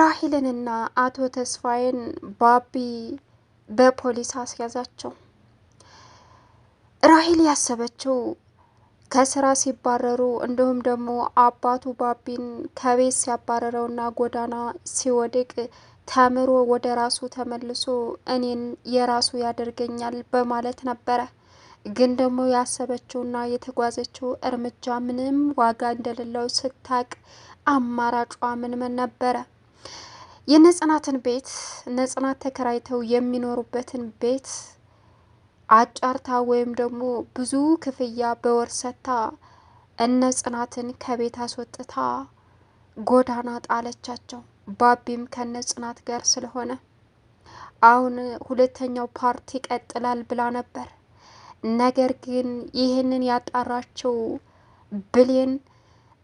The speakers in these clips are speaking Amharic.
ራሂልንና አቶ ተስፋዬን ባቢ በፖሊስ አስያዛቸው። ራሂል ያሰበችው ከስራ ሲባረሩ እንዲሁም ደግሞ አባቱ ባቢን ከቤት ሲያባረረውና ጎዳና ሲወድቅ ተምሮ ወደ ራሱ ተመልሶ እኔን የራሱ ያደርገኛል በማለት ነበረ። ግን ደግሞ ያሰበችውና የተጓዘችው እርምጃ ምንም ዋጋ እንደሌለው ስታቅ አማራጯ ምን ምን ነበረ? የነጽናትን ቤት ነጽናት ተከራይተው የሚኖሩበትን ቤት አጫርታ ወይም ደግሞ ብዙ ክፍያ በወር ሰጥታ እነጽናትን ከቤት አስወጥታ ጎዳና ጣለቻቸው። ባቢም ከነጽናት ጋር ስለሆነ አሁን ሁለተኛው ፓርቲ ይቀጥላል ብላ ነበር። ነገር ግን ይህንን ያጣራቸው ብሌን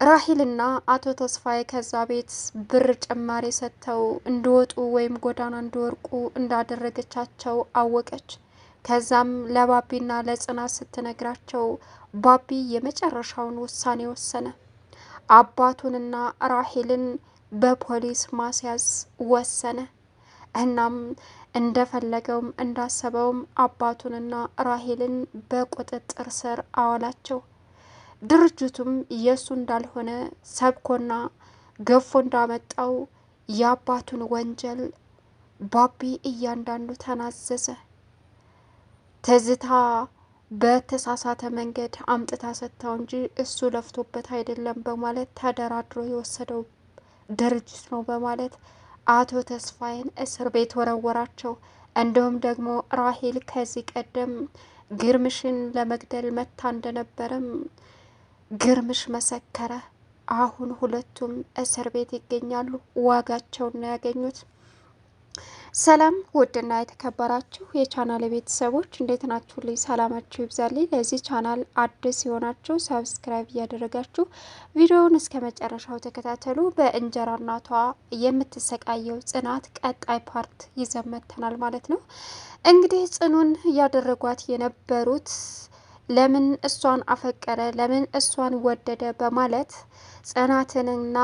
ራሂልና አቶ ተስፋዬ ከዛ ቤት ብር ጭማሪ ሰጥተው እንዲወጡ ወይም ጎዳና እንዲወርቁ እንዳደረገቻቸው አወቀች። ከዛም ለባቢና ለጽናት ስትነግራቸው ባቢ የመጨረሻውን ውሳኔ ወሰነ። አባቱንና ራሂልን በፖሊስ ማስያዝ ወሰነ። እናም እንደፈለገውም እንዳሰበውም አባቱንና ራሂልን በቁጥጥር ስር አዋላቸው። ድርጅቱም የእሱ እንዳልሆነ ሰብኮና ገፎ እንዳመጣው የአባቱን ወንጀል ባቢ እያንዳንዱ ተናዘዘ። ትዝታ በተሳሳተ መንገድ አምጥታ ሰጥታው እንጂ እሱ ለፍቶበት አይደለም በማለት ተደራድሮ የወሰደው ድርጅት ነው በማለት አቶ ተስፋዬን እስር ቤት ወረወራቸው። እንዲሁም ደግሞ ራሄል ከዚህ ቀደም ግርምሽን ለመግደል መታ እንደነበረም ግርምሽ መሰከረ። አሁን ሁለቱም እስር ቤት ይገኛሉ። ዋጋቸውን ነው ያገኙት። ሰላም ውድና የተከበራችሁ የቻናል ቤተሰቦች እንዴት ናችሁ? ልይ ሰላማችሁ ይብዛልኝ። ለዚህ ቻናል አዲስ የሆናችሁ ሰብስክራይብ እያደረጋችሁ ቪዲዮውን እስከ መጨረሻው ተከታተሉ። በእንጀራ እናቷ የምትሰቃየው ጽናት ቀጣይ ፓርት ይዘመተናል ማለት ነው። እንግዲህ ጽኑን እያደረጓት የነበሩት ለምን እሷን አፈቀረ፣ ለምን እሷን ወደደ በማለት ጽናትንና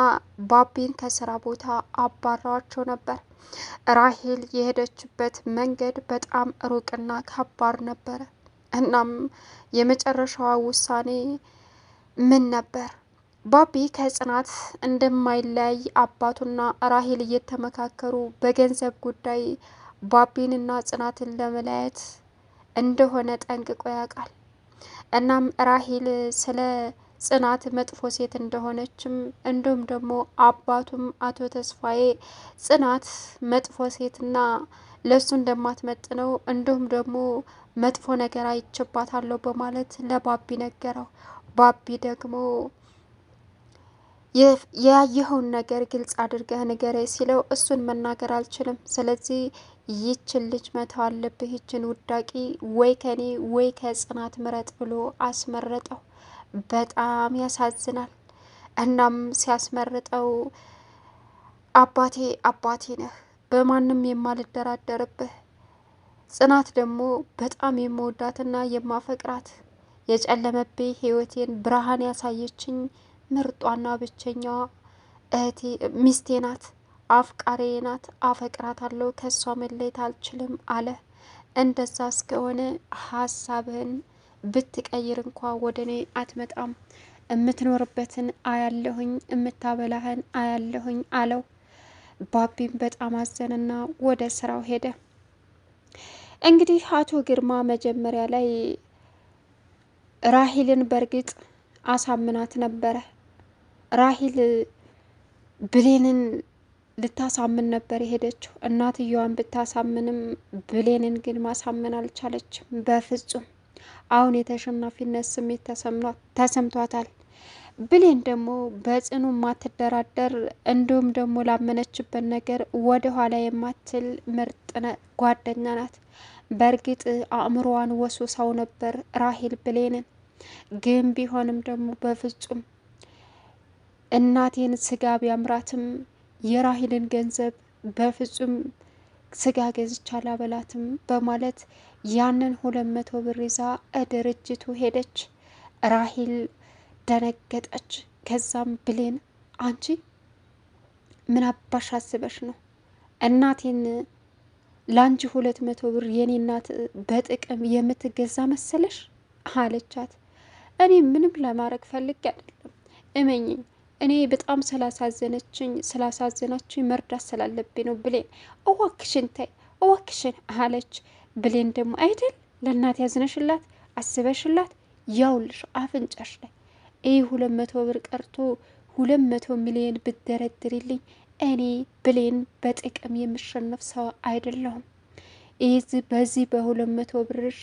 ባቢን ከስራ ቦታ አባራቸው ነበር። ራሄል የሄደችበት መንገድ በጣም ሩቅና ከባድ ነበረ። እናም የመጨረሻዋ ውሳኔ ምን ነበር? ባቢ ከጽናት እንደማይለያይ አባቱና ራሄል እየተመካከሩ በገንዘብ ጉዳይ ባቢንና ጽናትን ለመለያየት እንደሆነ ጠንቅቆ ያውቃል። እናም ራሂል ስለ ጽናት መጥፎ ሴት እንደሆነችም እንዲሁም ደግሞ አባቱም አቶ ተስፋዬ ጽናት መጥፎ ሴትና ለእሱ እንደማትመጥነው እንዲሁም ደግሞ መጥፎ ነገር አይቼባታለሁ በማለት ለባቢ ነገረው። ባቢ ደግሞ ያየኸውን ነገር ግልጽ አድርገህ ንገረኝ ሲለው እሱን መናገር አልችልም፣ ስለዚህ ይችን ልጅ መተው አለብህ፣ ይችን ውዳቂ ወይ ከኔ ወይ ከጽናት ምረጥ ብሎ አስመረጠው። በጣም ያሳዝናል። እናም ሲያስመርጠው አባቴ አባቴ ነህ፣ በማንም የማልደራደርብህ ጽናት ደግሞ በጣም የምወዳትና የማፈቅራት የጨለመብኝ ህይወቴን ብርሃን ያሳየችኝ ምርጧና ብቸኛዋ እህቴ ሚስቴ ናት፣ አፍቃሬ ናት፣ አፈቅራታለሁ፣ ከሷ መለየት አልችልም አለ። እንደዛ እስከሆነ ሀሳብህን ብትቀይር እንኳ ወደ እኔ አትመጣም፣ የምትኖርበትን አያለሁኝ፣ የምታበላህን አያለሁኝ አለው። ባቢም በጣም አዘንና ወደ ስራው ሄደ። እንግዲህ አቶ ግርማ መጀመሪያ ላይ ራሂልን በእርግጥ አሳምናት ነበረ ራሂል ብሌንን ልታሳምን ነበር የሄደችው። እናትየዋን ብታሳምንም ብሌንን ግን ማሳመን አልቻለችም በፍጹም። አሁን የተሸናፊነት ስሜት ተሰምቷታል። ብሌን ደግሞ በጽኑ ማትደራደር እንዲሁም ደግሞ ላመነችበት ነገር ወደ ኋላ የማትል ምርጥ ጓደኛ ናት። በእርግጥ አእምሮዋን ወሱ ሰው ነበር ራሂል ብሌንን ግን ቢሆንም ደግሞ በፍጹም እናቴን ስጋ ቢያምራትም የራሂልን ገንዘብ በፍጹም ስጋ ገዝቻ አላበላትም በማለት ያንን ሁለት መቶ ብር ይዛ ድርጅቱ ሄደች። ራሂል ደነገጠች። ከዛም ብሌን አንቺ ምን አባሽ አስበሽ ነው እናቴን ለአንቺ ሁለት መቶ ብር የኔ እናት በጥቅም የምትገዛ መሰለሽ? አለቻት። እኔ ምንም ለማድረግ ፈልጌ አይደለም እመኝኝ እኔ በጣም ስላሳዘነችኝ ስላሳዘናችኝ መርዳት ስላለብኝ ነው ብሌን፣ እዋክሽን ተይ እዋክሽን አለች። ብሌን ደግሞ አይደል ለእናት ያዝነሽላት አስበሽላት ያውልሽ አፍንጫሽ ላይ ይህ ሁለት መቶ ብር ቀርቶ ሁለት መቶ ሚሊዮን ብደረድርልኝ እኔ ብሌን በጥቅም የምሸነፍ ሰው አይደለሁም። ይህ በዚህ በሁለት መቶ ብርሽ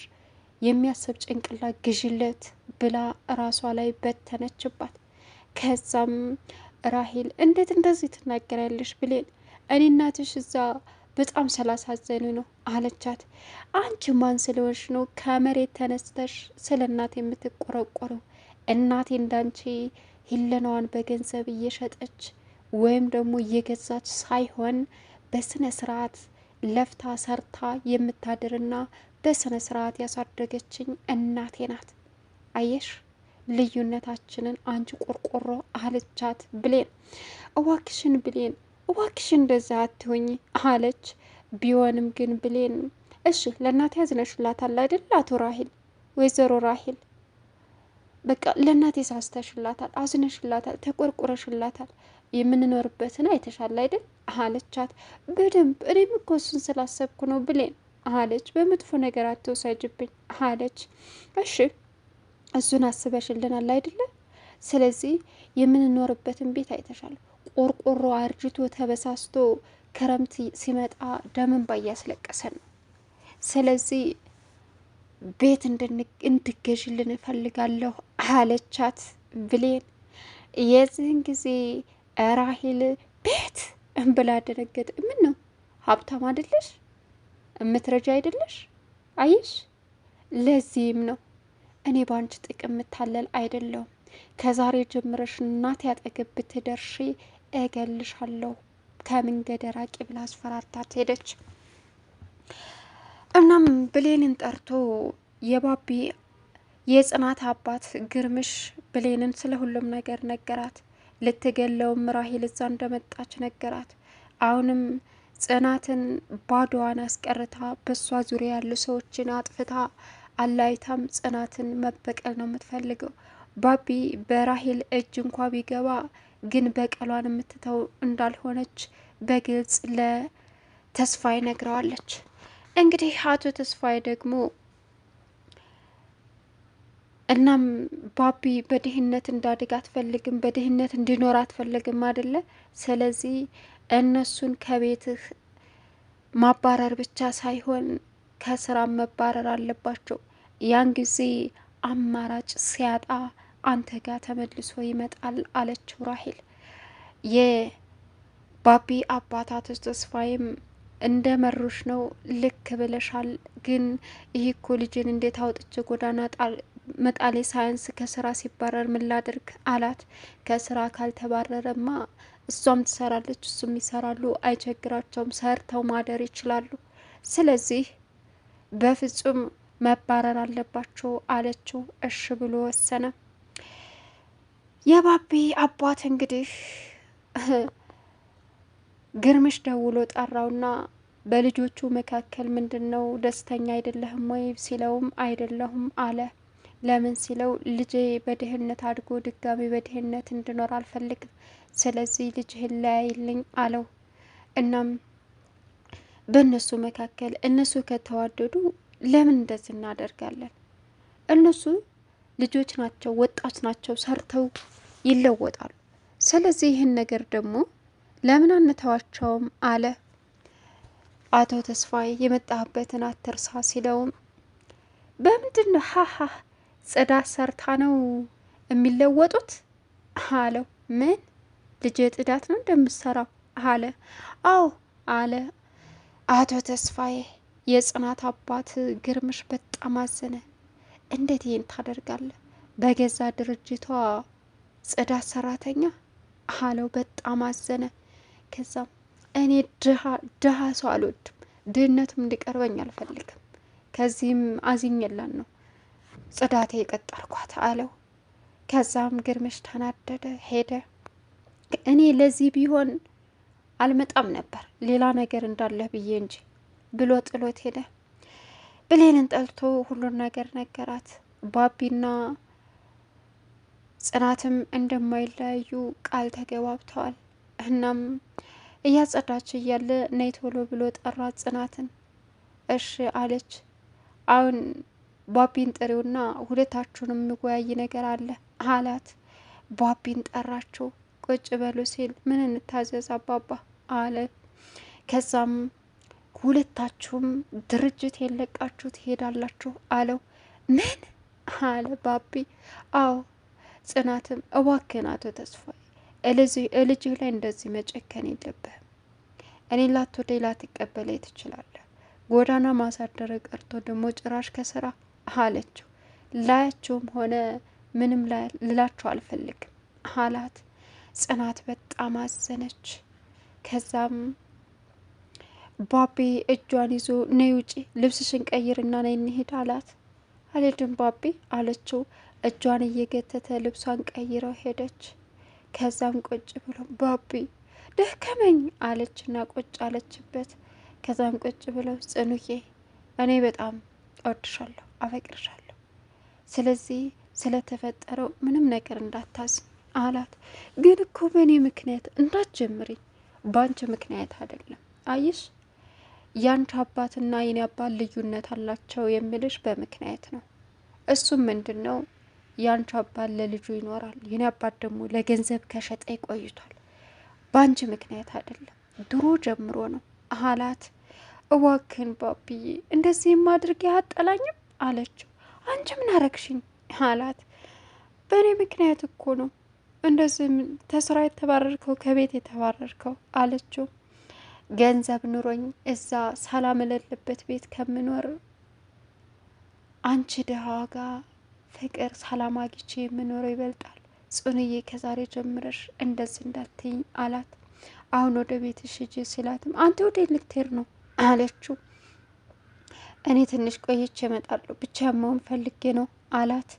የሚያሰብ ጭንቅላት ግዥለት ብላ ራሷ ላይ በተነችባት። ከዛም ራሂል እንዴት እንደዚህ ትናገራለሽ ብሌን እኔ እናትሽ እዛ በጣም ስላሳዘኑ ነው አለቻት። አንቺ ማን ስለሆንሽ ነው ከመሬት ተነስተሽ ስለ እናት የምትቆረቆረው? እናቴ እንዳንቺ ሂለናዋን በገንዘብ እየሸጠች ወይም ደግሞ እየገዛች ሳይሆን በስነ ስርዓት ለፍታ ሰርታ የምታድርና በስነ ስርዓት ያሳደገችኝ እናቴ ናት። አየሽ ልዩነታችንን አንቺ ቆርቆሮ አለቻት። ብሌን እዋክሽን ብሌን እዋክሽን እንደዛ አትሆኝ አለች። ቢሆንም ግን ብሌን እሺ ለእናቴ ያዝነሽላታል አይደል? አቶ ራሂል ወይዘሮ ራሂል በቃ ለእናቴ ሳስተሽላታል፣ አዝነሽላታል፣ ተቆርቁረሽላታል የምንኖርበትን አይተሻል አይደል? አለቻት። በደንብ እኔም እኮ እሱን ስላሰብኩ ነው ብሌን አለች። በመጥፎ ነገር አትወሳጅብኝ አለች። እሺ እሱን አስበሽልናል አይደለ? ስለዚህ የምንኖርበትን ቤት አይተሻል። ቆርቆሮ አርጅቶ ተበሳስቶ ክረምት ሲመጣ ደምን ባያስለቀሰን ነው። ስለዚህ ቤት እንድገዥልን እፈልጋለሁ አለቻት ብሌን። የዚህን ጊዜ ራሂል ቤት እንብላ ደነገጠ። ምን ነው ሀብታም አይደለሽ? እምትረጃ አይደለሽ? አይሽ ለዚህም ነው እኔ ባንቺ ጥቅም የምታለል አይደለሁም። ከዛሬ ጀምረሽ እናት ያጠገብ ብትደርሺ እገልሻለሁ፣ ከመንገዴ ራቂ ብላ አስፈራርታት ሄደች። እናም ብሌንን ጠርቶ የባቢ የጽናት አባት ግርምሽ ብሌንን ስለ ሁሉም ነገር ነገራት። ልትገለውም ራሂል እዛ እንደመጣች ነገራት። አሁንም ጽናትን ባዶዋን አስቀርታ በሷ ዙሪያ ያሉ ሰዎችን አጥፍታ አላይታም ጽናትን መበቀል ነው የምትፈልገው። ባቢ በራሄል እጅ እንኳ ቢገባ ግን በቀሏን የምትተው እንዳልሆነች በግልጽ ለተስፋ ይነግረዋለች። እንግዲህ አቶ ተስፋዬ ደግሞ እናም ባቢ በድህነት እንዳድግ አትፈልግም፣ በድህነት እንዲኖር አትፈልግም አደለ? ስለዚህ እነሱን ከቤትህ ማባረር ብቻ ሳይሆን ከስራ መባረር አለባቸው። ያን ጊዜ አማራጭ ሲያጣ አንተ ጋር ተመልሶ ይመጣል አለችው ራሄል። የባቢ አባታት ተስፋዬም እንደ መሩሽ ነው ልክ ብለሻል፣ ግን ይህ እኮ ልጅን እንዴት አውጥቼ ጎዳና መጣሌ ሳያንስ ከስራ ሲባረር ምን ላድርግ አላት። ከስራ ካልተባረረማ እሷም ትሰራለች እሱም ይሰራሉ፣ አይቸግራቸውም፣ ሰርተው ማደር ይችላሉ። ስለዚህ በፍጹም መባረር አለባቸው አለችው። እሽ ብሎ ወሰነ። የባቢ አባት እንግዲህ ግርምሽ ደውሎ ጠራውና በልጆቹ መካከል ምንድን ነው ደስተኛ አይደለህም ወይ ሲለውም አይደለሁም አለ። ለምን ሲለው ልጄ በድህነት አድጎ ድጋሚ በድህነት እንድኖር አልፈልግም፣ ስለዚህ ልጅህን ለያይልኝ አለው እናም በእነሱ መካከል እነሱ ከተዋደዱ ለምን እንደዚህ እናደርጋለን? እነሱ ልጆች ናቸው፣ ወጣት ናቸው፣ ሰርተው ይለወጣሉ። ስለዚህ ይህን ነገር ደግሞ ለምን አንተዋቸውም አለ አቶ ተስፋዬ። የመጣህበትን አትርሳ ሲለውም በምንድን ነው ሀሀ ጽዳት ሰርታ ነው የሚለወጡት አለው። ምን ልጅ ጽዳት ነው እንደምሰራው አለ። አዎ አለ አቶ ተስፋዬ የጽናት አባት ግርምሽ በጣም አዘነ። እንዴት ይህን ታደርጋለህ? በገዛ ድርጅቷ ጽዳት ሰራተኛ አለው። በጣም አዘነ። ከዛም እኔ ድሃ ሰው አልወድም፣ ድህነቱም እንዲቀርበኝ አልፈልግም። ከዚህም አዝኜላን ነው ጽዳቴ የቀጠርኳት አለው። ከዛም ግርምሽ ተናደደ፣ ሄደ። እኔ ለዚህ ቢሆን አልመጣም ነበር ሌላ ነገር እንዳለ ብዬ እንጂ ብሎ ጥሎት ሄደ። ብሌንን ጠልቶ ሁሉን ነገር ነገራት። ባቢና ጽናትም እንደማይለያዩ ቃል ተገባብተዋል። እናም እያጸዳች እያለ ነይ ቶሎ ብሎ ጠራት ጽናትን። እሺ አለች። አሁን ባቢን ጥሪውና ሁለታችሁን የሚወያይ ነገር አለ አላት። ባቢን ጠራቸው ቁጭ በሉ ሲል ምን እንታዘዝ አባባ አለ። ከዛም ሁለታችሁም ድርጅት የለቃችሁ ትሄዳላችሁ አለው። ምን አለ ባቢ? አዎ ጽናትም እባክህን አቶ ተስፋዬ ልጅህ ላይ እንደዚህ መጨከን የለብህም። እኔ ላቶ ሌላ ትቀበለኝ ትችላለህ። ጎዳና ማሳደረ ቀርቶ ደግሞ ጭራሽ ከስራ አለችው። ላያቸውም ሆነ ምንም ልላቸው አልፈልግም አላት። ጽናት በጣም አዘነች። ከዛም ባቢ እጇን ይዞ ነይ ውጪ ልብስሽን ቀይርና ነይ እንሄድ አላት። አልሄድም ባቢ አለችው። እጇን እየገተተ ልብሷን ቀይረው ሄደች። ከዛም ቁጭ ብሎ ባቢ ደከመኝ አለችና ቁጭ አለችበት። ከዛም ቁጭ ብለው ጽኑዬ እኔ በጣም እወድሻለሁ፣ አፈቅርሻለሁ ስለዚህ ስለተፈጠረው ምንም ነገር እንዳታዝ አላት። ግን እኮ በእኔ ምክንያት እንዳትጀምሪኝ በአንቺ ምክንያት አይደለም። አይሽ ያንቺ አባትና የኔ አባት ልዩነት አላቸው የምልሽ በምክንያት ነው። እሱም ምንድን ነው ያንቺ አባት ለልጁ ይኖራል፣ የኔ አባት ደግሞ ለገንዘብ ከሸጠ ይቆይቷል። በአንቺ ምክንያት አይደለም፣ ድሮ ጀምሮ ነው አላት። እዋክን ባብዬ እንደዚህም አድርጌ አጠላኝም አለችው። አንቺ ምን አረግሽኝ አላት። በእኔ ምክንያት እኮ ነው እንደዚህ ተስራ የተባረርከው ከቤት የተባረርከው አለችው። ገንዘብ ኑሮኝ እዛ ሰላም የሌለበት ቤት ከምኖር አንቺ ድሃ ጋ ፍቅር ሰላም አግቼ የምኖረው ይበልጣል። ጽኑዬ ከዛሬ ጀምረሽ እንደዚህ እንዳትኝ አላት። አሁን ወደ ቤትሽ ሂጂ ሲላትም አንተ ወደ ልክቴር ነው አለችው። እኔ ትንሽ ቆይቼ እመጣለሁ ብቻ ያማውን ፈልጌ ነው አላት።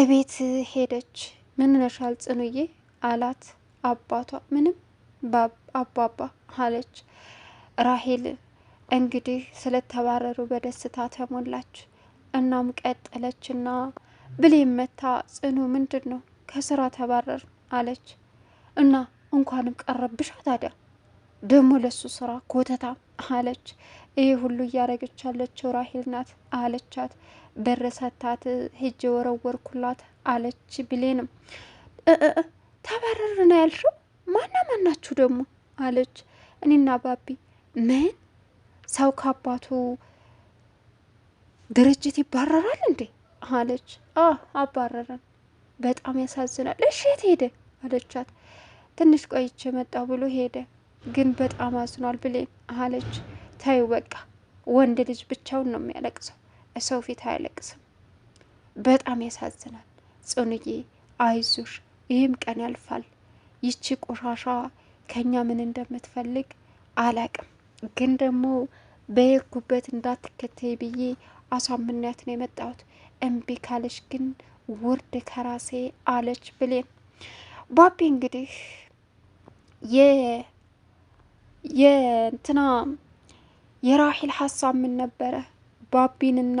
እቤት ሄደች። ምን ነሻል ጽኑዬ አላት አባቷ። ምንም አባባ አለች ራሄል። እንግዲህ ስለተባረሩ በደስታ ተሞላች። እናም ቀጠለችና ብሌ መታ ጽኑ ምንድን ነው ከስራ ተባረር አለች እና እንኳንም ቀረብሻ ታዲያ ደግሞ ለሱ ስራ ኮተታ አለች። ይህ ሁሉ እያረገች ያለችው ራሄል ናት አለቻት። በረሰታት ሰታት ሄጄ ወረወርኩላት አለች ብሌንም። ነው ያልሽው ማና ማናችሁ ደግሞ አለች። እኔና ባቢ ምን ሰው ከአባቱ ድርጅት ይባረራል እንዴ አለች። አባረረን። በጣም ያሳዝናል። እሺ የት ሄደ አለቻት። ትንሽ ቆይቼ መጣሁ ብሎ ሄደ፣ ግን በጣም አዝኗል ብሌን አለች። ታይ በቃ ወንድ ልጅ ብቻውን ነው የሚያለቅሰው ሰው ፊት አያለቅስም። በጣም ያሳዝናል። ጽኑዬ አይዞሽ፣ ይህም ቀን ያልፋል። ይቺ ቆሻሻ ከኛ ምን እንደምትፈልግ አላቅም፣ ግን ደግሞ በየጉበት እንዳትከተይ ብዬ አሳምናያት ነው የመጣሁት። እምቢ ካለች ግን ውርድ ከራሴ አለች ብሌን ባቢ እንግዲህ የእንትና የራሂል ሀሳብ ምን ነበረ? ባቢንና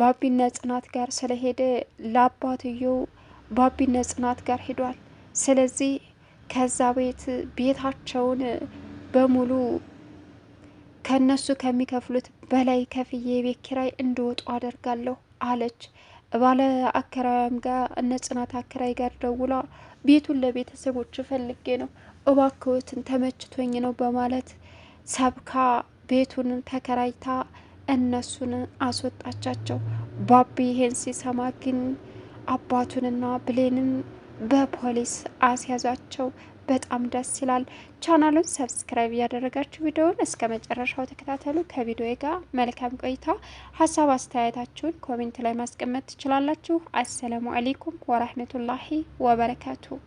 ባቢና ጽናት ጋር ስለሄደ ለአባትየው ባቢና ጽናት ጋር ሄዷል። ስለዚህ ከዛ ቤት ቤታቸውን በሙሉ ከነሱ ከሚከፍሉት በላይ ከፍዬ ቤት ኪራይ እንዲወጡ አደርጋለሁ አለች። ባለ አከራያም ጋር እነ ጽናት አከራይ ጋር ደውላ ቤቱን ለቤተሰቦች ፈልጌ ነው እባክዎትን ተመችቶኝ ነው በማለት ሰብካ ቤቱን ተከራይታ እነሱን አስወጣቻቸው። ባቢ ይሄን ሲሰማ ግን አባቱንና ብሌንን በፖሊስ አስያዛቸው። በጣም ደስ ይላል። ቻናሉን ሰብስክራይብ እያደረጋችሁ ቪዲዮውን እስከ መጨረሻው ተከታተሉ። ከቪዲዮ ጋር መልካም ቆይታ። ሀሳብ አስተያየታችሁን ኮሜንት ላይ ማስቀመጥ ትችላላችሁ። አሰላሙ አሌይኩም ወራህመቱላሂ ወበረካቱ